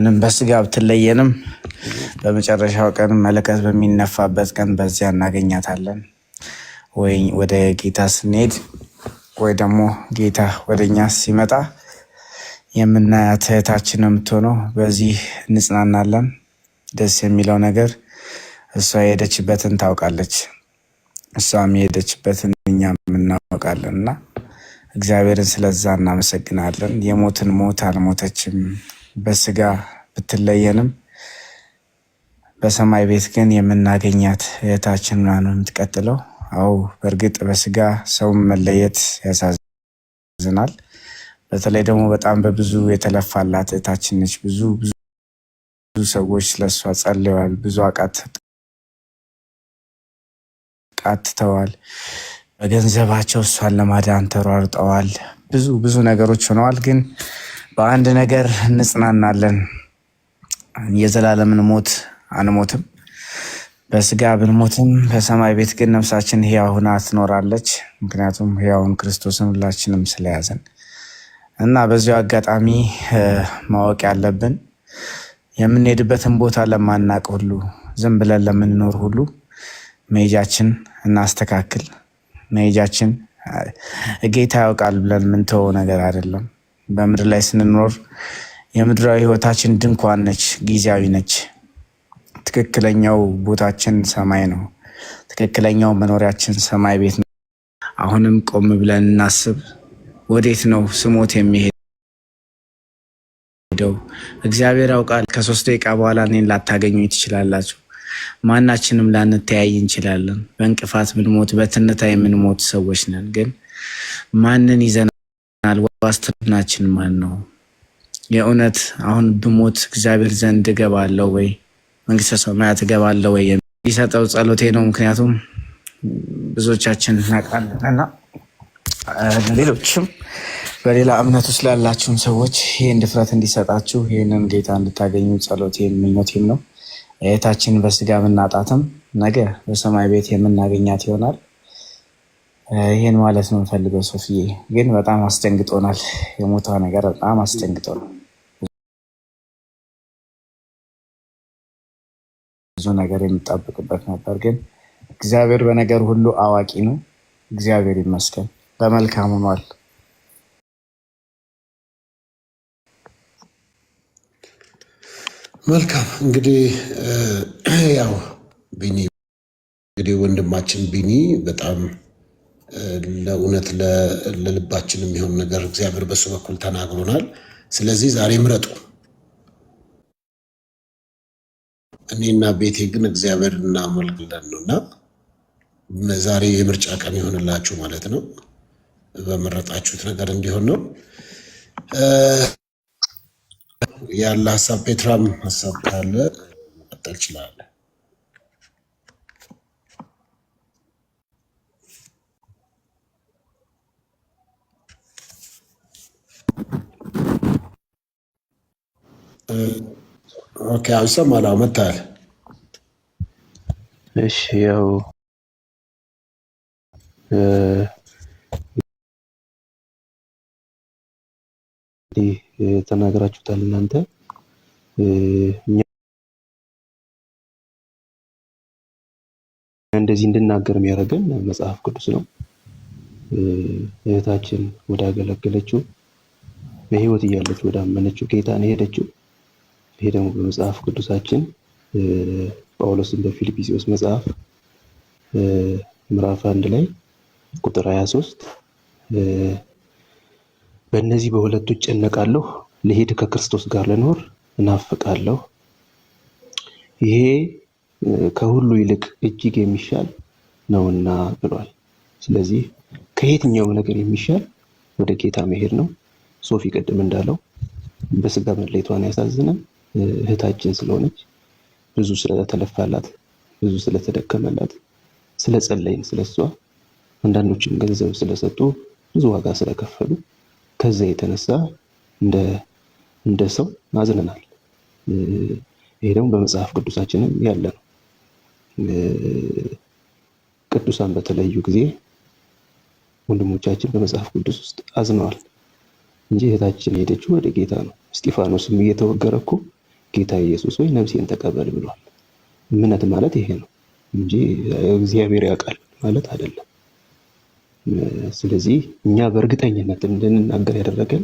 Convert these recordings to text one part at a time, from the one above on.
ምንም በስጋ ብትለየንም በመጨረሻው ቀን መለከት በሚነፋበት ቀን በዚያ እናገኛታለን። ወይ ወደ ጌታ ስንሄድ ወይ ደግሞ ጌታ ወደ እኛ ሲመጣ የምናያት እህታችን የምትሆነው በዚህ እንጽናናለን። ደስ የሚለው ነገር እሷ የሄደችበትን ታውቃለች፣ እሷም የሄደችበትን እኛም እናውቃለን እና እግዚአብሔርን ስለዛ እናመሰግናለን። የሞትን ሞት አልሞተችም። በስጋ ብትለየንም በሰማይ ቤት ግን የምናገኛት እህታችን ነው የምትቀጥለው። አው በእርግጥ በስጋ ሰው መለየት ያሳዝናል። በተለይ ደግሞ በጣም በብዙ የተለፋላት እህታችን ነች። ብዙ ብዙ ሰዎች ስለሷ ጸልየዋል። ብዙ ቃትተዋል። በገንዘባቸው እሷን ለማዳን ተሯርጠዋል። ብዙ ብዙ ነገሮች ሆነዋል ግን በአንድ ነገር እንጽናናለን። የዘላለምን ሞት አንሞትም። በስጋ ብንሞትም በሰማይ ቤት ግን ነፍሳችን ሕያው ሆና ትኖራለች። ምክንያቱም ሕያውን ክርስቶስን ሁላችንም ስለያዘን እና በዚሁ አጋጣሚ ማወቅ ያለብን የምንሄድበትን ቦታ ለማናቅ ሁሉ ዝም ብለን ለምንኖር ሁሉ መሄጃችን እናስተካክል። መሄጃችን ጌታ ያውቃል ብለን ምንተወው ነገር አይደለም። በምድር ላይ ስንኖር የምድራዊ ህይወታችን ድንኳን ነች፣ ጊዜያዊ ነች። ትክክለኛው ቦታችን ሰማይ ነው። ትክክለኛው መኖሪያችን ሰማይ ቤት ነው። አሁንም ቆም ብለን እናስብ። ወዴት ነው ስሞት የሚሄደው? እግዚአብሔር ያውቃል። ከሶስት ደቂቃ በኋላ እኔን ላታገኙ ትችላላችሁ። ማናችንም ላንተያይ እንችላለን። በእንቅፋት ምንሞት፣ በትንታይ የምንሞት ሰዎች ነን። ግን ማንን ይዘን ዋስትናችን ማን ነው? የእውነት አሁን ብሞት እግዚአብሔር ዘንድ እገባለሁ ወይ መንግስተ ሰማያት እገባለሁ ወይ የሚሰጠው ጸሎቴ ነው። ምክንያቱም ብዙዎቻችን እናውቃለንና ሌሎችም በሌላ እምነት ውስጥ ላላችሁም ሰዎች ይህን ድፍረት እንዲሰጣችሁ ይህንን ጌታ እንድታገኙ ጸሎት ምኞቴም ነው። እህታችን በስጋ ምናጣትም ነገ በሰማይ ቤት የምናገኛት ይሆናል። ይህን ማለት ነው የምፈልገው። ሶፍዬ ግን በጣም አስደንግጦናል። የሞቷ ነገር በጣም ነው። ብዙ ነገር የምጠብቅበት ነበር፣ ግን እግዚአብሔር በነገር ሁሉ አዋቂ ነው። እግዚአብሔር ይመስገን በመልካም ሆኗል። መልካም እንግዲህ ያው ቢኒ እንግዲህ ወንድማችን ቢኒ በጣም ለእውነት ለልባችን የሚሆን ነገር እግዚአብሔር በሱ በኩል ተናግሮናል። ስለዚህ ዛሬ ምረጡ። እኔና ቤቴ ግን እግዚአብሔር እናመልክለን ነው እና ዛሬ የምርጫ ቀን ይሆንላችሁ ማለት ነው። በመረጣችሁት ነገር እንዲሆን ነው ያለ ሀሳብ። ፔትራም ሀሳብ ካለ መቀጠል ይችላል። ኦኬ ይሰማል። መታል እሺ፣ ያው ተናግራችሁታል እናንተ እንደዚህ እንድናገር የሚያደርገን መጽሐፍ ቅዱስ ነው። እህታችን ወዳገለገለችው በህይወት እያለች ወደ አመነችው ነው ሄደችው። ይሄ ደግሞ በመጽሐፍ ቅዱሳችን ጳውሎስን በፊልጵስዎስ መጽሐፍ ምዕራፍ አንድ ላይ ቁጥር 23 በእነዚህ በሁለቱ እጨነቃለሁ፣ ልሄድ ከክርስቶስ ጋር ልኖር እናፍቃለሁ። ይሄ ከሁሉ ይልቅ እጅግ የሚሻል ነውና ብሏል። ስለዚህ ከየትኛውም ነገር የሚሻል ወደ ጌታ መሄድ ነው። ሶፊ ቅድም እንዳለው በስጋ መለየቷን ያሳዝነን እህታችን ስለሆነች ብዙ ስለተለፋላት፣ ብዙ ስለተደከመላት፣ ስለጸለይን ስለሷ አንዳንዶችም ገንዘብ ስለሰጡ ብዙ ዋጋ ስለከፈሉ ከዛ የተነሳ እንደ ሰው አዝነናል። ይሄ ደግሞ በመጽሐፍ ቅዱሳችንም ያለ ነው። ቅዱሳን በተለዩ ጊዜ ወንድሞቻችን በመጽሐፍ ቅዱስ ውስጥ አዝነዋል። እንጂ እህታችን የሄደችው ወደ ጌታ ነው። እስጢፋኖስም እየተወገረ እኮ ጌታ ኢየሱስ ወይ ነፍሴን ተቀበል ብሏል። እምነት ማለት ይሄ ነው እንጂ እግዚአብሔር ያውቃል ማለት አይደለም። ስለዚህ እኛ በእርግጠኝነት እንድንናገር ያደረገን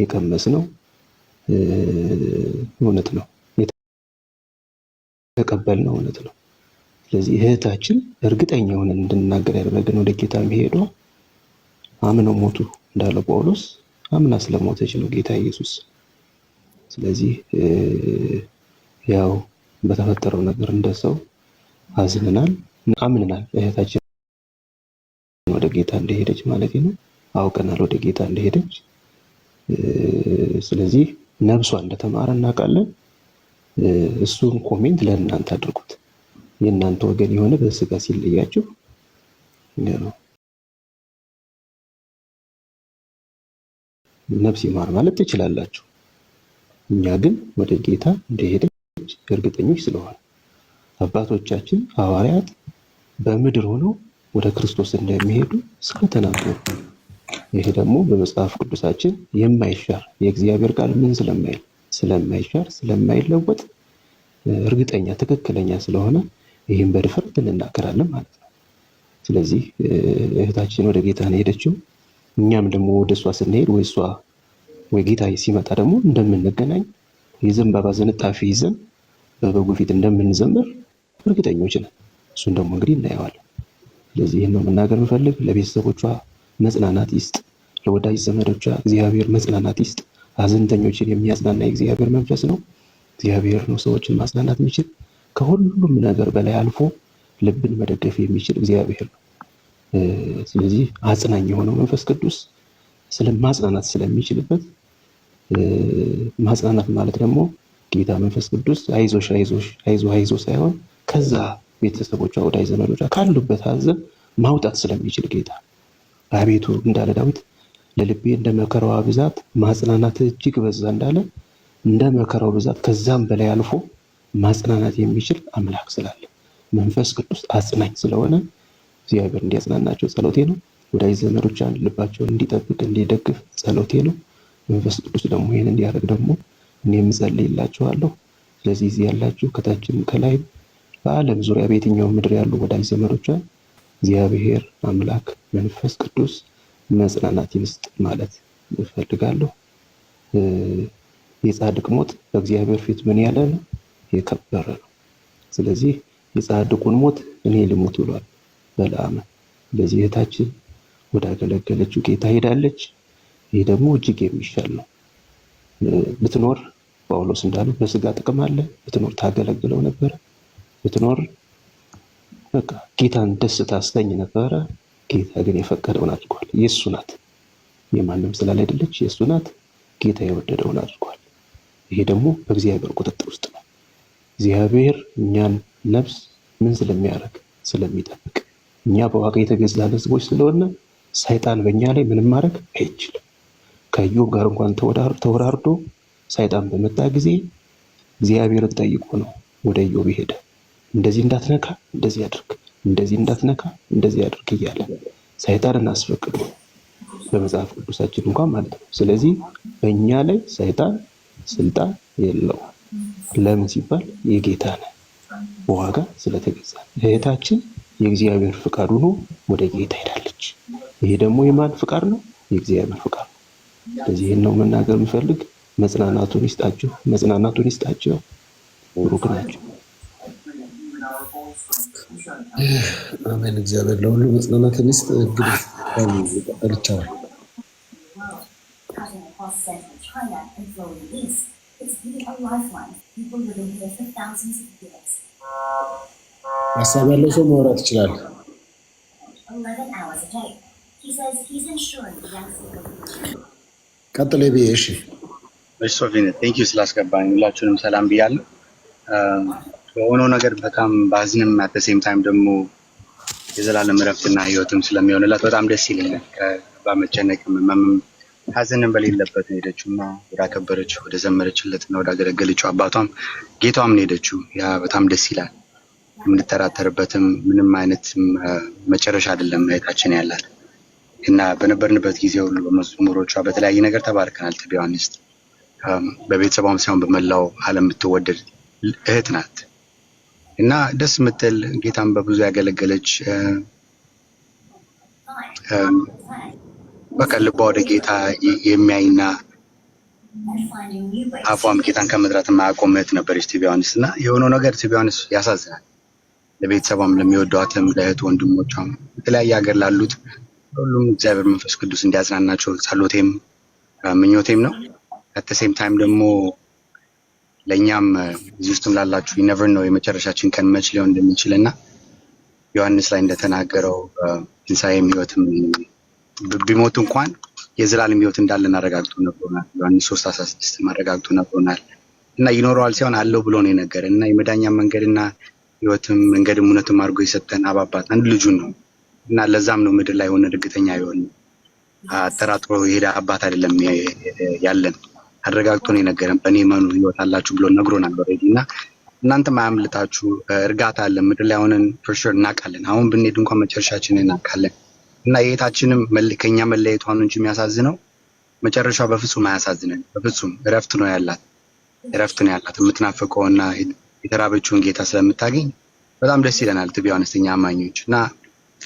የቀመስ ነው እውነት ነው የተቀበል ነው እውነት ነው። ስለዚህ እህታችን እርግጠኛ የሆነን እንድንናገር ያደረገን ወደ ጌታ መሄዷ አምነው ሞቱ እንዳለ ጳውሎስ አምና ስለሞተች ነው ጌታ ኢየሱስ። ስለዚህ ያው በተፈጠረው ነገር እንደ ሰው አዝንናል አምንናል። እህታችን ወደ ጌታ እንደሄደች ማለት ነው አውቀናል፣ ወደ ጌታ እንደሄደች። ስለዚህ ነብሷ እንደተማረ እናውቃለን። እሱን ኮሜንት ለእናንተ አድርጉት። የእናንተ ወገን የሆነ በስጋ ሲለያችሁ ነው ነፍስ ይማር ማለት ትችላላችሁ። እኛ ግን ወደ ጌታ እንደሄደች እርግጠኞች ስለሆነ አባቶቻችን ሐዋርያት በምድር ሆነው ወደ ክርስቶስ እንደሚሄዱ ስለተናገሩ ይሄ ደግሞ በመጽሐፍ ቅዱሳችን የማይሻር የእግዚአብሔር ቃል ምን ስለማይል ስለማይሻር ስለማይለወጥ እርግጠኛ ትክክለኛ ስለሆነ ይህም በድፍረት እንናገራለን ማለት ነው። ስለዚህ እህታችን ወደ ጌታ ነው የሄደችው። እኛም ደግሞ ወደ እሷ ስንሄድ ወይ እሷ ወይ ጌታ ሲመጣ ደግሞ እንደምንገናኝ የዘንባባ ዝንጣፊ ይዘን በበጉ ፊት እንደምንዘምር እርግጠኞች ነን። እሱን ደግሞ እንግዲህ እናየዋለን። ስለዚህ ይህን ነው መናገር ምፈልግ። ለቤተሰቦቿ መጽናናት ይስጥ፣ ለወዳጅ ዘመዶቿ እግዚአብሔር መጽናናት ይስጥ። ሀዘንተኞችን የሚያጽናና የእግዚአብሔር መንፈስ ነው። እግዚአብሔር ነው ሰዎችን ማጽናናት የሚችል ከሁሉም ነገር በላይ አልፎ ልብን መደገፍ የሚችል እግዚአብሔር ነው። ስለዚህ አጽናኝ የሆነው መንፈስ ቅዱስ ስለማጽናናት ስለሚችልበት ማጽናናት ማለት ደግሞ ጌታ መንፈስ ቅዱስ አይዞሽ አይዞሽ አይዞ አይዞ ሳይሆን ከዛ ቤተሰቦቿ ወዳጅ ዘመዶቿ ካሉበት ሐዘን ማውጣት ስለሚችል ጌታ አቤቱ እንዳለ ዳዊት ለልቤ እንደ መከራዋ ብዛት ማጽናናት እጅግ በዛ እንዳለ እንደ መከራው ብዛት ከዛም በላይ አልፎ ማጽናናት የሚችል አምላክ ስላለ መንፈስ ቅዱስ አጽናኝ ስለሆነ እግዚአብሔር እንዲያጽናናቸው ጸሎቴ ነው። ወዳጅ ዘመዶች ልባቸውን እንዲጠብቅ እንዲደግፍ ጸሎቴ ነው። መንፈስ ቅዱስ ደግሞ ይህን እንዲያደርግ ደግሞ እኔም የምጸልይላችኋለሁ። ስለዚህ እዚህ ያላችሁ ከታችም ከላይም በዓለም ዙሪያ በየትኛው ምድር ያሉ ወዳጅ ዘመዶቿን እግዚአብሔር አምላክ መንፈስ ቅዱስ መጽናናት ይስጥ ማለት እፈልጋለሁ። የጻድቅ ሞት በእግዚአብሔር ፊት ምን ያለ ነው? የከበረ ነው። ስለዚህ የጻድቁን ሞት እኔ ልሙት ብሏል። በለዓምን። ስለዚህ እህታችን ወዳገለገለችው ጌታ ሄዳለች። ይህ ደግሞ እጅግ የሚሻል ነው። ብትኖር ጳውሎስ እንዳለው በስጋ ጥቅም አለ፣ ብትኖር ታገለግለው ነበረ፣ ብትኖር በቃ ጌታን ደስ ታሰኝ ነበረ። ጌታ ግን የፈቀደውን አድርጓል። የእሱ ናት፣ የማንም አይደለች የእሱ ናት። ጌታ የወደደውን አድርጓል። ይሄ ደግሞ በእግዚአብሔር ቁጥጥር ውስጥ ነው። እግዚአብሔር እኛን ነፍስ ምን ስለሚያደርግ ስለሚጠብቅ እኛ በዋጋ የተገዛን ህዝቦች ስለሆነ ሰይጣን በእኛ ላይ ምንም ማድረግ አይችልም። ከኢዮብ ጋር እንኳን ተወራርዶ ሰይጣን በመጣ ጊዜ እግዚአብሔርን ጠይቆ ነው ወደ ዮብ ሄደ። እንደዚህ እንዳትነካ፣ እንደዚህ አድርግ፣ እንደዚህ እንዳትነካ፣ እንደዚህ አድርግ እያለ ሰይጣንን አስፈቅዶ በመጽሐፍ ቅዱሳችን እንኳን ማለት ነው። ስለዚህ በእኛ ላይ ሰይጣን ስልጣን የለውም። ለምን ሲባል የጌታ ነው፣ በዋጋ ስለተገዛ እህታችን የእግዚአብሔር ፍቃድ ሆኖ ወደ ጌታ ሄዳለች። ይሄ ደግሞ የማን ፍቃድ ነው? የእግዚአብሔር ፍቃድ ነው። ስለዚህ ነው መናገር የምፈልግ። መጽናናቱን ይስጣችሁ፣ መጽናናቱን ይስጣችሁ። ሩክ ናቸው። አሜን። እግዚአብሔር ለሁሉ መጽናናትን ይስጥ። እንግዲህ ሀሳብ ያለው ሰው መውራት ይችላል። ቀጥሌ ብዬ እሺ ሶፊን ቴንኪዩ ስላስገባኝ ሁላችሁንም ሰላም ብያለሁ። በሆነው ነገር በጣም አት ሴም ታይም ደግሞ የዘላለም እረፍትና ህይወትም ስለሚሆንላት በጣም ደስ ይለኛል። በመጨነቅም መምም ሀዘንም በሌለበት ነው ሄደችው እና ወዳከበረችው ወደ ዘመረችለትና ወዳገለገለችው አባቷም ጌቷም ነው ሄደችው። ያ በጣም ደስ ይላል። የምንተራተርበትም ምንም አይነት መጨረሻ አይደለም እህታችን ያላት እና በነበርንበት ጊዜ ሁሉ በመዝሙሮቿ በተለያየ ነገር ተባርከናል። ቱ ቢ ኦነስት በቤተሰቧም ሳይሆን በመላው ዓለም የምትወደድ እህት ናት እና ደስ የምትል ጌታን በብዙ ያገለገለች በቃ ልቧ ወደ ጌታ የሚያይና አፏም ጌታን ከመጥራት የማያቆም እህት ነበረች። ቱ ቢ ኦነስት እና የሆነው ነገር ቱ ቢ ኦነስት ያሳዝናል። ለቤተሰቧም፣ ለሚወዷትም፣ ለእህት ወንድሞቿም፣ የተለያየ ሀገር ላሉት ሁሉም እግዚአብሔር መንፈስ ቅዱስ እንዲያዝናናቸው ጸሎቴም ምኞቴም ነው። አተሴም ታይም ደግሞ ለእኛም እዚህ ውስጥም ላላችሁ ይነቨር ነው የመጨረሻችን ቀን መች ሊሆን እንደሚችል እና ዮሐንስ ላይ እንደተናገረው ትንሳኤም ህይወትም ቢሞት እንኳን የዘላለም ህይወት እንዳለን አረጋግጦ ነግሮናል። ዮሐንስ ሶስት አስራ ስድስት አረጋግጦ ነግሮናል እና ይኖረዋል ሲሆን አለው ብሎ ነው የነገረን እና የመዳኛ መንገድና ህይወትም መንገድም እውነትም አድርጎ የሰጠን አባባት አንድ ልጁን ነው እና ለዛም ነው ምድር ላይ ሆነ እርግጠኛ የሆን አጠራጥሮ የሄደ አባት አይደለም ያለን። አረጋግጦ ነው የነገረን። በእኔ መኑ ህይወት አላችሁ ብሎ ነግሮናል ኦልሬዲ እና እናንተም አያምልጣችሁ እርጋታ አለን። ምድር ላይ ሆነን ፕሬሽር እናውቃለን። አሁን ብንሄድ እንኳን መጨረሻችን እናውቃለን እና የየታችንም ከኛ መለየቷ ነው እንጂ የሚያሳዝነው መጨረሻ በፍጹም አያሳዝነን። በፍጹም እረፍት ነው ያላት፣ እረፍት ነው ያላት የምትናፍቀውና የተራበችውን ጌታ ስለምታገኝ በጣም ደስ ይለናል። ትቢያ አነስተኛ አማኞች እና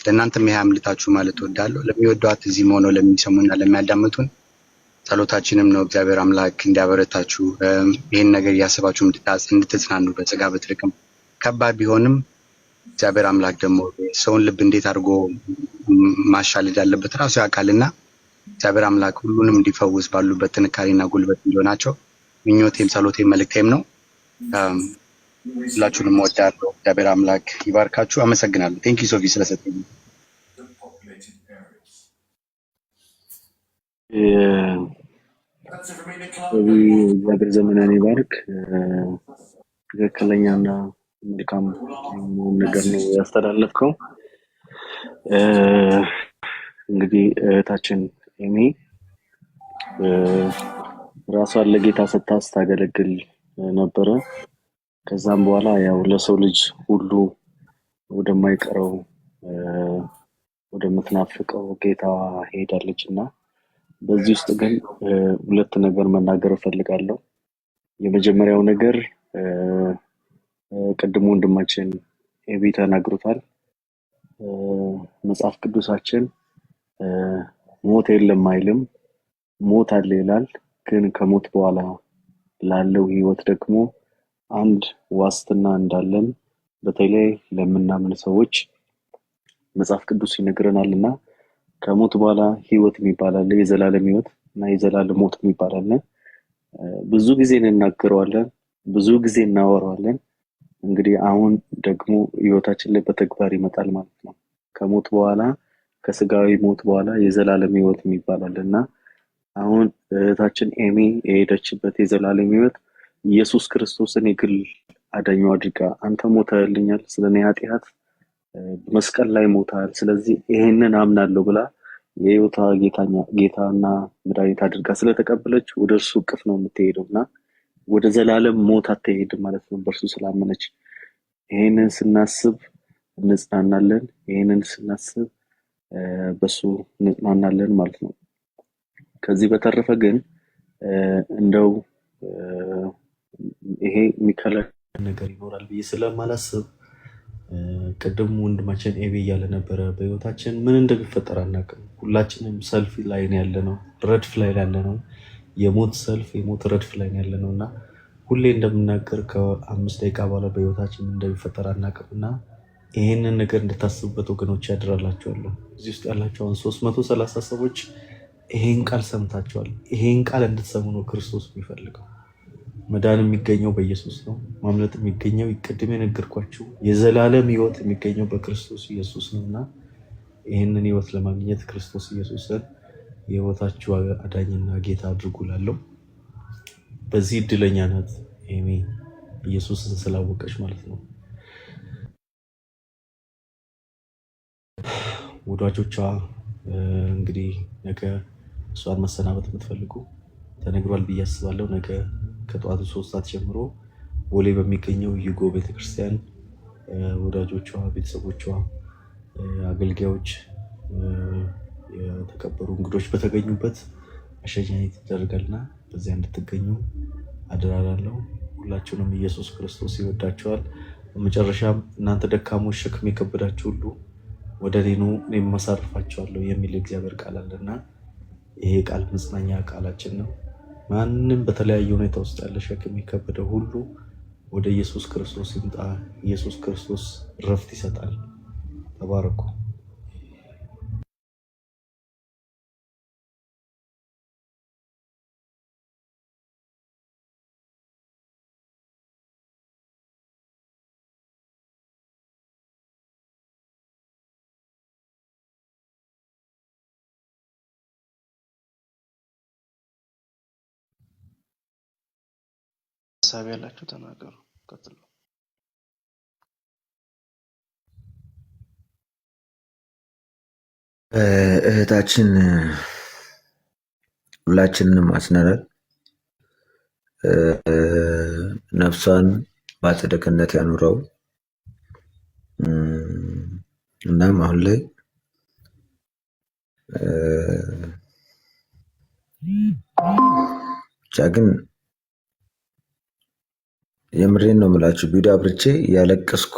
ለእናንተ ይህ አምልታችሁ ማለት እወዳለሁ። ለሚወዷት እዚህም ሆነው ለሚሰሙና ለሚያዳምጡን ጸሎታችንም ነው። እግዚአብሔር አምላክ እንዲያበረታችሁ ይህን ነገር እያሰባችሁ እንድትጽናኑ በጸጋ በትርቅም ከባድ ቢሆንም እግዚአብሔር አምላክ ደግሞ ሰውን ልብ እንዴት አድርጎ ማሻለድ ያለበት ራሱ ያውቃልና እግዚአብሔር አምላክ ሁሉንም እንዲፈውስ ባሉበት ጥንካሬና ጉልበት እንዲሆናቸው ምኞቴም ጸሎቴም መልእክቴም ነው። ሁላችሁንም ወዳለው እግዚአብሔር አምላክ ይባርካችሁ። አመሰግናለሁ። ቴንክ ዩ ሶፊ ስለሰጠኝ። እግዚአብሔር ዘመናን ይባርክ። ትክክለኛና መልካም መሆን ነገር ነው ያስተላለፍከው። እንግዲህ እህታችን ኤሚ ራሷን ለጌታ ስታስ ታገለግል ነበረ። ከዛም በኋላ ያው ለሰው ልጅ ሁሉ ወደማይቀረው ወደምትናፍቀው ጌታ ሄዳለች እና በዚህ ውስጥ ግን ሁለት ነገር መናገር እፈልጋለሁ። የመጀመሪያው ነገር ቅድሞ ወንድማችን ኤቢ ተናግሮታል። መጽሐፍ ቅዱሳችን ሞት የለም አይልም፣ ሞት አለ ይላል። ግን ከሞት በኋላ ላለው ህይወት ደግሞ አንድ ዋስትና እንዳለን በተለይ ለምናምን ሰዎች መጽሐፍ ቅዱስ ይነግረናል እና ከሞት በኋላ ህይወት የሚባል አለ፣ የዘላለም ህይወት እና የዘላለም ሞት የሚባል አለ። ብዙ ጊዜ እንናገረዋለን፣ ብዙ ጊዜ እናወረዋለን። እንግዲህ አሁን ደግሞ ህይወታችን ላይ በተግባር ይመጣል ማለት ነው። ከሞት በኋላ ከስጋዊ ሞት በኋላ የዘላለም ህይወት የሚባል አለ እና አሁን እህታችን ኤሚ የሄደችበት የዘላለም ህይወት ኢየሱስ ክርስቶስን የግል አዳኙ አድርጋ አንተ ሞተልኛል፣ ስለ እኔ ኃጢአት መስቀል ላይ ሞታል፣ ስለዚህ ይሄንን አምናለሁ ብላ የህይወቷ ጌታና መድኃኒት አድርጋ ስለተቀበለች ወደ እርሱ እቅፍ ነው የምትሄደው እና ወደ ዘላለም ሞት አትሄድም ማለት ነው በእርሱ ስላመነች። ይሄንን ስናስብ እንጽናናለን። ይሄንን ስናስብ በሱ እንጽናናለን ማለት ነው። ከዚህ በተረፈ ግን እንደው ይሄ የሚከላከል ነገር ይኖራል ብዬ ስለማላስብ ቅድም ወንድማችን ኤቤ እያለ ነበረ። በህይወታችን ምን እንደሚፈጠር አናውቅም። ሁላችንም ሰልፍ ላይ ያለ ነው፣ ረድፍ ላይ ያለ ነው፣ የሞት ሰልፍ የሞት ረድፍ ላይ ያለ ነው እና ሁሌ እንደምናገር ከአምስት ደቂቃ በኋላ በህይወታችን እንደሚፈጠር አናውቅም እና ይህንን ነገር እንድታስቡበት ወገኖች ያድራላቸዋለሁ። እዚህ ውስጥ ያላቸውን ሶስት መቶ ሰላሳ ሰዎች ይሄን ቃል ሰምታቸዋል። ይሄን ቃል እንድትሰሙ ነው ክርስቶስ የሚፈልገው። መዳን የሚገኘው በኢየሱስ ነው። ማምለጥ የሚገኘው ቅድም የነገርኳችሁ የዘላለም ህይወት የሚገኘው በክርስቶስ ኢየሱስ ነው እና ይህንን ህይወት ለማግኘት ክርስቶስ ኢየሱስን የህይወታችሁ አዳኝና ጌታ አድርጉ ላለው በዚህ እድለኛ ናት ኢየሱስን ስላወቀች ማለት ነው። ወዳጆቿ እንግዲህ ነገ እሷን መሰናበት የምትፈልጉ ተነግሯል ብዬ አስባለሁ ነገ ከጠዋቱ ሶስት ሰዓት ጀምሮ ቦሌ በሚገኘው ይጎ ቤተክርስቲያን ወዳጆቿ፣ ቤተሰቦቿ፣ አገልጋዮች፣ የተከበሩ እንግዶች በተገኙበት አሸኛኘት ይደረጋልና በዚያ እንድትገኙ አደራ እላለሁ። ሁላችሁንም ኢየሱስ ክርስቶስ ይወዳቸዋል። በመጨረሻም እናንተ ደካሞች፣ ሸክም የከበዳችሁ ሁሉ ወደ እኔ ኑ እኔም አሳርፋችኋለሁ የሚል እግዚአብሔር ቃል አለና ይሄ ቃል መጽናኛ ቃላችን ነው። ማንም በተለያየ ሁኔታ ውስጥ ያለ ሸክም የሚከበደው ሁሉ ወደ ኢየሱስ ክርስቶስ ይምጣ። ኢየሱስ ክርስቶስ ረፍት ይሰጣል። ተባረኩ። ሀሳብ ያላችሁ ተናገሩ። ቀጥሉ። እህታችን ሁላችንንም አስነናል። ነፍሷን በአጸደ ገነት ያኑረው። እናም አሁን ላይ ብቻ ግን የምሬን ነው የምላችሁ። ቪዲዮ አብርቼ እያለቀስኩ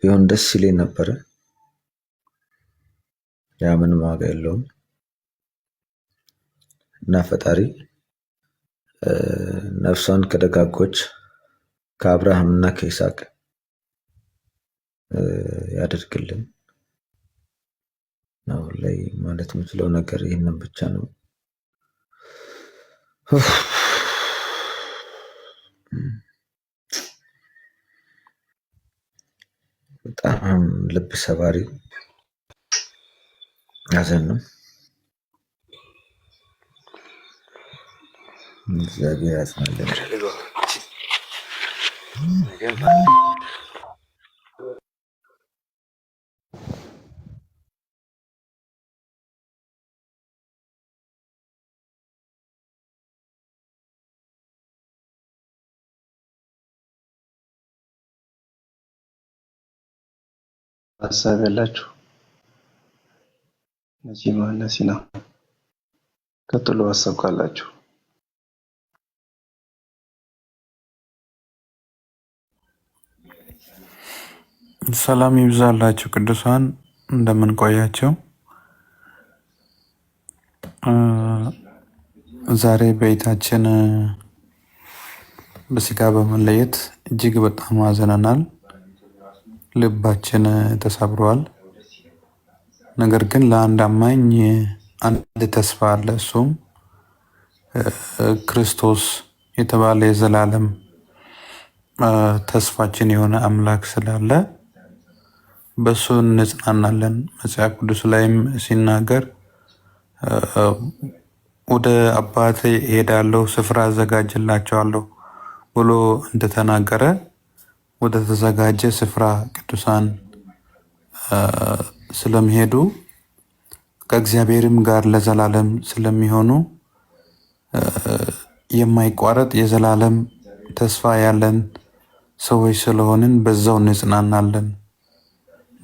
ቢሆን ደስ ይለኝ ነበረ። ያ ምንም ዋጋ የለውም እና ፈጣሪ ነፍሷን ከደጋጎች ከአብርሃም እና ከይስሐቅ ያደርግልን ነው ላይ ማለት የምችለው ነገር ይህንን ብቻ ነው። በጣም ልብ ሰባሪ ሐዘን ነው። እግዚአብሔር ያጽናልን። ሀሳብ ያላችሁ ነጂማ እና ሲና ቀጥሎ ሀሳብ ካላችሁ ሰላም ይብዛላችሁ ቅዱሳን እንደምን ቆያቸው ዛሬ በቤታችን በስጋ በመለየት እጅግ በጣም አዝነናል ልባችን ተሰብሯል። ነገር ግን ለአንድ አማኝ አንድ ተስፋ አለ። እሱም ክርስቶስ የተባለ የዘላለም ተስፋችን የሆነ አምላክ ስላለ በእሱ እንጽናናለን። መጽሐፍ ቅዱስ ላይም ሲናገር ወደ አባት ሄዳለሁ ስፍራ አዘጋጅላቸዋለሁ ብሎ እንደተናገረ ወደ ተዘጋጀ ስፍራ ቅዱሳን ስለሚሄዱ ከእግዚአብሔርም ጋር ለዘላለም ስለሚሆኑ የማይቋረጥ የዘላለም ተስፋ ያለን ሰዎች ስለሆንን በዛው እንጽናናለን።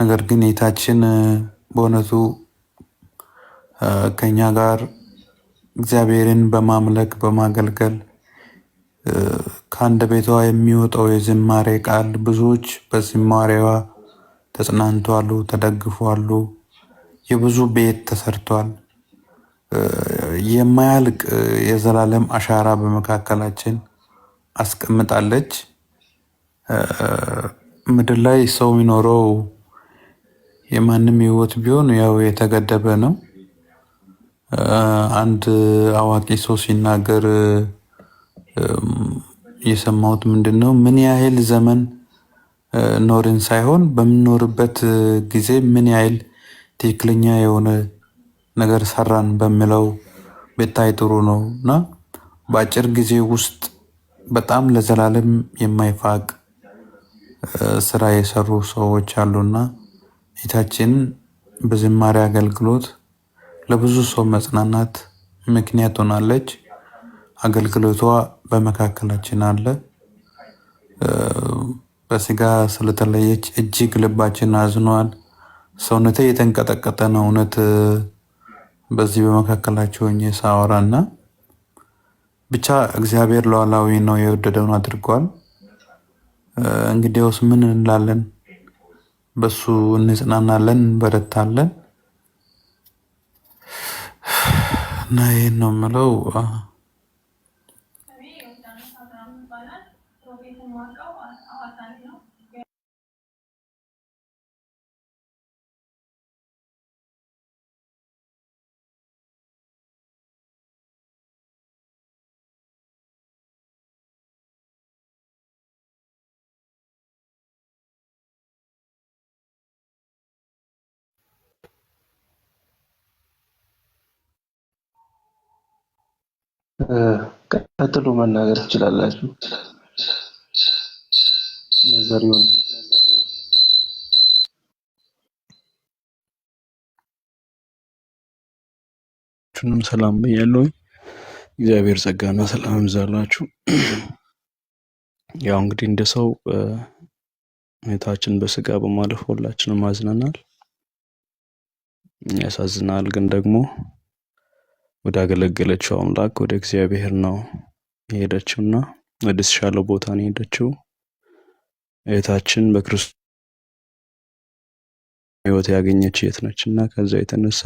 ነገር ግን ጌታችን በእውነቱ ከኛ ጋር እግዚአብሔርን በማምለክ በማገልገል ከአንድ ቤቷ የሚወጣው የዝማሬ ቃል ብዙዎች በዝማሬዋ ተጽናንተዋሉ፣ ተደግፏሉ። የብዙ ቤት ተሰርቷል። የማያልቅ የዘላለም አሻራ በመካከላችን አስቀምጣለች። ምድር ላይ ሰው የሚኖረው የማንም ሕይወት ቢሆን ያው የተገደበ ነው። አንድ አዋቂ ሰው ሲናገር የሰማሁት ምንድን ነው ምን ያህል ዘመን ኖርን ሳይሆን በምንኖርበት ጊዜ ምን ያህል ትክክለኛ የሆነ ነገር ሰራን በሚለው ቤታይ ጥሩ ነው እና በአጭር ጊዜ ውስጥ በጣም ለዘላለም የማይፋቅ ስራ የሰሩ ሰዎች አሉና ጌታችን በዝማሬ አገልግሎት ለብዙ ሰው መጽናናት ምክንያት ሆናለች። አገልግሎቷ በመካከላችን አለ። በስጋ ስለተለየች እጅግ ልባችን አዝኗል። ሰውነቴ የተንቀጠቀጠ ነው። እውነት በዚህ በመካከላችሁ ሆኜ እና ብቻ እግዚአብሔር ሉዓላዊ ነው፣ የወደደውን አድርጓል። እንግዲያውስ ምን እንላለን? በሱ እንጽናናለን፣ እንበረታለን እና ይህን ነው የምለው። ቀጥሎ መናገር ትችላላችሁ። ነዘሪውን ሁላችሁንም ሰላም ብያለሁ። እግዚአብሔር ጸጋና ሰላም ይብዛላችሁ። ያው እንግዲህ እንደ ሰው ሁኔታችን በስጋ በማለፍ ሁላችንም አዝነናል። ያሳዝናል ግን ደግሞ ወዳገለገለችው አምላክ ወደ እግዚአብሔር ነው የሄደችውና ወደ ተሻለው ቦታ ነው የሄደችው። እህታችን በክርስቶስ ሕይወት ያገኘች የት ነች እና ከዛ የተነሳ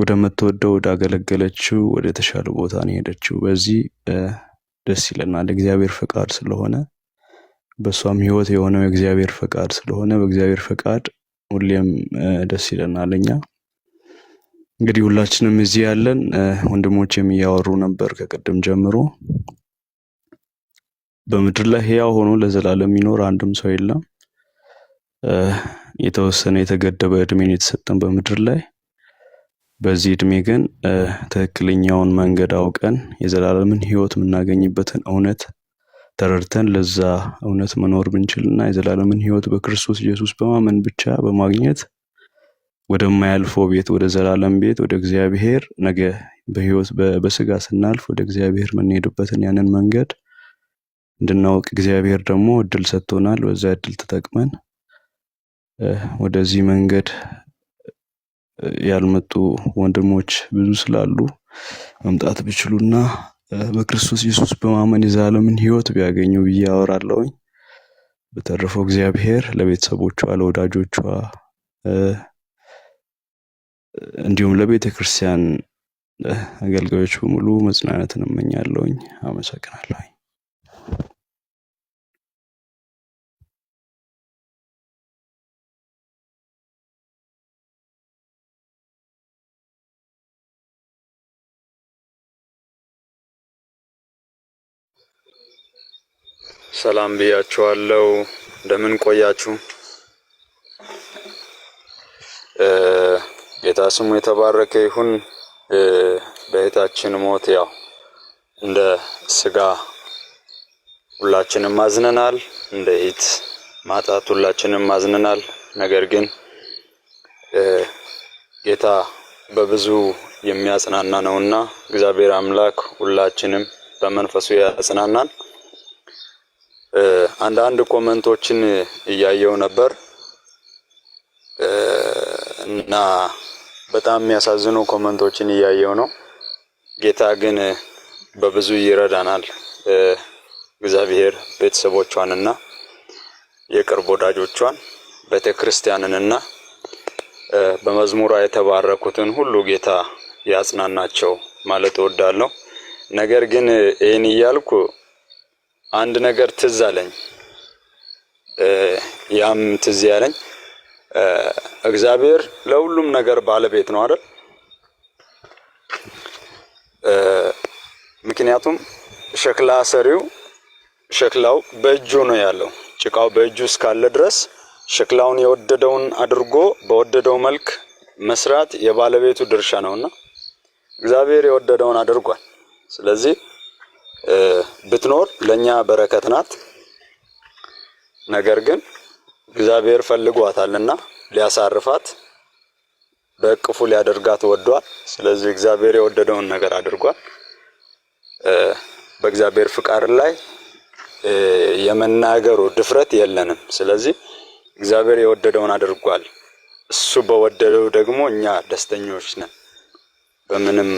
ወደ ምትወደው ወዳገለገለችው ወደ ተሻለ ቦታ ነው የሄደችው። በዚህ ደስ ይለናል። እግዚአብሔር ፈቃድ ስለሆነ በእሷም ሕይወት የሆነው የእግዚአብሔር ፈቃድ ስለሆነ በእግዚአብሔር ፈቃድ ሁሌም ደስ ይለናል እኛ እንግዲህ ሁላችንም እዚህ ያለን ወንድሞች የሚያወሩ ነበር ከቅድም ጀምሮ። በምድር ላይ ሕያው ሆኖ ለዘላለም የሚኖር አንድም ሰው የለም። የተወሰነ የተገደበ እድሜን የተሰጠን በምድር ላይ በዚህ እድሜ ግን ትክክለኛውን መንገድ አውቀን የዘላለምን ህይወት የምናገኝበትን እውነት ተረድተን ለዛ እውነት መኖር ብንችልና የዘላለምን ህይወት በክርስቶስ ኢየሱስ በማመን ብቻ በማግኘት ወደማያልፈው ቤት ወደ ዘላለም ቤት ወደ እግዚአብሔር ነገ በህይወት በስጋ ስናልፍ ወደ እግዚአብሔር የምንሄድበትን ያንን መንገድ እንድናውቅ እግዚአብሔር ደግሞ እድል ሰጥቶናል። በዛ እድል ተጠቅመን ወደዚህ መንገድ ያልመጡ ወንድሞች ብዙ ስላሉ መምጣት ቢችሉና በክርስቶስ ኢየሱስ በማመን የዘላለምን ህይወት ቢያገኙ ብዬ አወራለሁኝ። በተረፈው እግዚአብሔር ለቤተሰቦቿ ለወዳጆቿ እንዲሁም ለቤተ ክርስቲያን አገልጋዮች በሙሉ መጽናናትን እመኛለውኝ አመሰግናለሁኝ። ሰላም ብያችኋለው እንደምን ቆያችሁ? ጌታ ስሙ የተባረከ ይሁን። በእህታችን ሞት ያው እንደ ስጋ ሁላችንም አዝነናል። እንደ እህት ማጣት ሁላችንም አዝነናል። ነገር ግን ጌታ በብዙ የሚያጽናና ነውና እግዚአብሔር አምላክ ሁላችንም በመንፈሱ ያጽናናን። አንዳንድ ኮመንቶችን እያየው ነበር እና በጣም የሚያሳዝኑ ኮመንቶችን እያየው ነው። ጌታ ግን በብዙ ይረዳናል። እግዚአብሔር ቤተሰቦቿንና የቅርብ ወዳጆቿን ቤተ ክርስቲያንንና በመዝሙሯ የተባረኩትን ሁሉ ጌታ ያጽናናቸው ማለት እወዳለሁ። ነገር ግን ይህን እያልኩ አንድ ነገር ትዝ አለኝ። ያም ትዝ ያለኝ እግዚአብሔር ለሁሉም ነገር ባለቤት ነው አይደል? ምክንያቱም ሸክላ ሰሪው ሸክላው በእጁ ነው ያለው። ጭቃው በእጁ እስካለ ድረስ ሸክላውን የወደደውን አድርጎ በወደደው መልክ መስራት የባለቤቱ ድርሻ ነውና እግዚአብሔር የወደደውን አድርጓል። ስለዚህ ብትኖር ለእኛ በረከት ናት። ነገር ግን እግዚአብሔር ፈልጓታልና ሊያሳርፋት በእቅፉ ሊያደርጋት ወዷል። ስለዚህ እግዚአብሔር የወደደውን ነገር አድርጓል። በእግዚአብሔር ፍቃድ ላይ የመናገሩ ድፍረት የለንም። ስለዚህ እግዚአብሔር የወደደውን አድርጓል። እሱ በወደደው ደግሞ እኛ ደስተኞች ነን። በምንም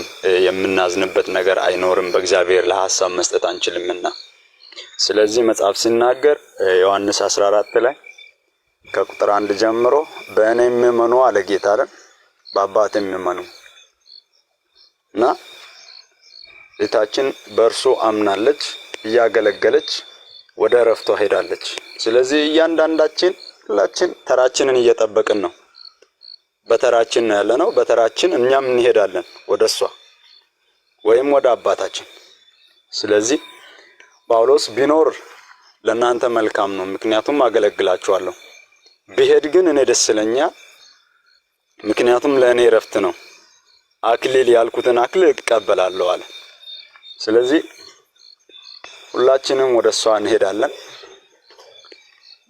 የምናዝንበት ነገር አይኖርም። በእግዚአብሔር ለሀሳብ መስጠት አንችልምና። ስለዚህ መጽሐፍ ሲናገር ዮሐንስ 14 ላይ ከቁጥር አንድ ጀምሮ በእኔ የሚመኑ አለ ጌታ አይደል በአባት የሚመኑ እና ቤታችን በእርሱ አምናለች፣ እያገለገለች ወደ እረፍቷ ሄዳለች። ስለዚህ እያንዳንዳችን ሁላችን ተራችንን እየጠበቅን ነው። በተራችን ያለ ነው። በተራችን እኛም እንሄዳለን ወደ እሷ ወይም ወደ አባታችን። ስለዚህ ጳውሎስ ቢኖር ለእናንተ መልካም ነው፣ ምክንያቱም አገለግላችኋለሁ ብሄድ ግን እኔ ደስ ይለኛል። ምክንያቱም ለእኔ እረፍት ነው። አክሊል ያልኩትን አክሊል እቀበላለሁ አለ። ስለዚህ ሁላችንም ወደ እሷ እንሄዳለን።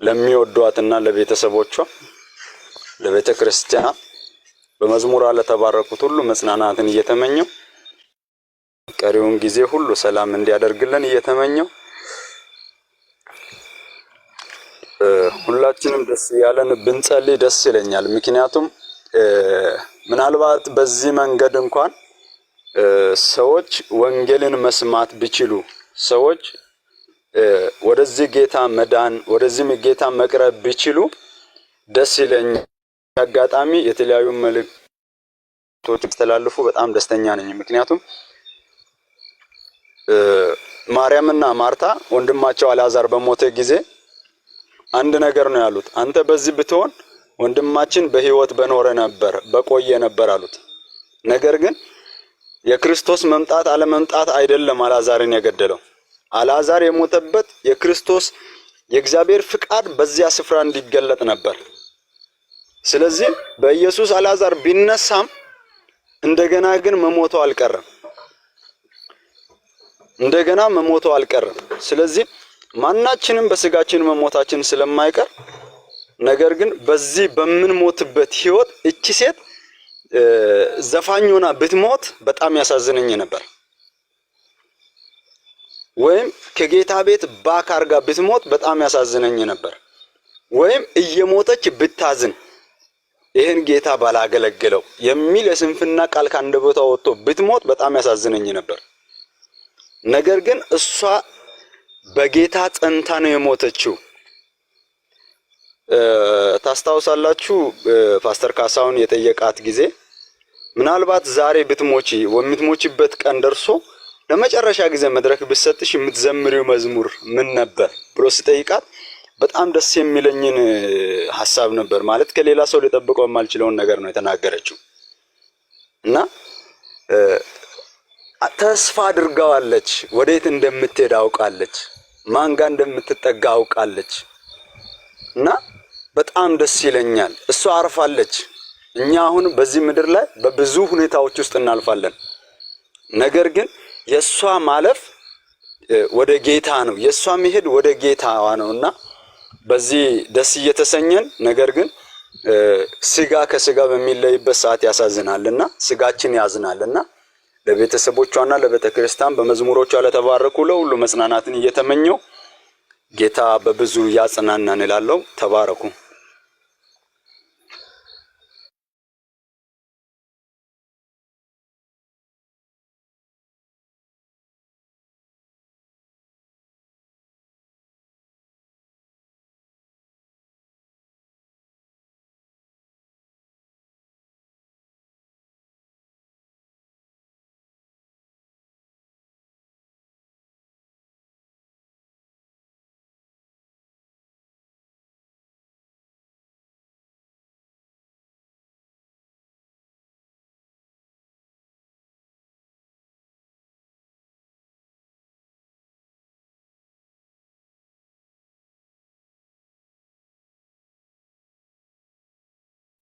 ለሚወዷትና ለቤተሰቦቿ ለቤተ ክርስቲያን በመዝሙሯ ለተባረኩት ሁሉ መጽናናትን እየተመኘው ቀሪውን ጊዜ ሁሉ ሰላም እንዲያደርግልን እየተመኘው ሁላችንም ደስ ያለን ብንጸልይ ደስ ይለኛል። ምክንያቱም ምናልባት በዚህ መንገድ እንኳን ሰዎች ወንጌልን መስማት ቢችሉ ሰዎች ወደዚህ ጌታ መዳን ወደዚህም ጌታ መቅረብ ቢችሉ ደስ ይለኛል። አጋጣሚ የተለያዩ መልእክቶች ተላልፉ በጣም ደስተኛ ነኝ። ምክንያቱም ማርያምና ማርታ ወንድማቸው አልዓዛር በሞተ ጊዜ አንድ ነገር ነው ያሉት። አንተ በዚህ ብትሆን ወንድማችን በህይወት በኖረ ነበር በቆየ ነበር አሉት። ነገር ግን የክርስቶስ መምጣት አለመምጣት አይደለም አላዛርን የገደለው። አላዛር የሞተበት የክርስቶስ የእግዚአብሔር ፍቃድ በዚያ ስፍራ እንዲገለጥ ነበር። ስለዚህ በኢየሱስ አላዛር ቢነሳም እንደገና ግን መሞቶ አልቀረም። እንደገና መሞቶ አልቀረም። ስለዚህ ማናችንም በስጋችን መሞታችን ስለማይቀር ነገር ግን በዚህ በምንሞትበት ህይወት እቺ ሴት ዘፋኝ ሆና ብትሞት በጣም ያሳዝነኝ ነበር። ወይም ከጌታ ቤት ባካርጋ ጋር ብትሞት በጣም ያሳዝነኝ ነበር። ወይም እየሞተች ብታዝን ይህን ጌታ ባላገለግለው የሚል የስንፍና ቃል ከአንደበቷ ወጥቶ ብትሞት በጣም ያሳዝነኝ ነበር። ነገር ግን እሷ በጌታ ጸንታ ነው የሞተችው። ታስታውሳላችሁ ፓስተር ካሳውን የጠየቃት ጊዜ ምናልባት ዛሬ ብትሞቺ ወምትሞቺበት ቀን ደርሶ ለመጨረሻ ጊዜ መድረክ ብትሰጥሽ የምትዘምሪው መዝሙር ምን ነበር ብሎ ስጠይቃት በጣም ደስ የሚለኝን ሀሳብ ነበር ማለት ከሌላ ሰው ሊጠብቀው የማልችለውን ነገር ነው የተናገረችው እና ተስፋ አድርጋዋለች። ወዴት እንደምትሄድ አውቃለች። ማንጋ እንደምትጠጋ አውቃለች እና በጣም ደስ ይለኛል። እሷ አርፋለች። እኛ አሁን በዚህ ምድር ላይ በብዙ ሁኔታዎች ውስጥ እናልፋለን። ነገር ግን የእሷ ማለፍ ወደ ጌታ ነው፣ የእሷ መሄድ ወደ ጌታዋ ነው እና በዚህ ደስ እየተሰኘን ነገር ግን ስጋ ከስጋ በሚለይበት ሰዓት ያሳዝናልና ስጋችን ያዝናልና ለቤተሰቦቿና ለቤተ ክርስቲያን በመዝሙሮቿ ለተባረኩ ለሁሉ መጽናናትን እየተመኘው ጌታ በብዙ ያጽናናን እላለሁ። ተባረኩ።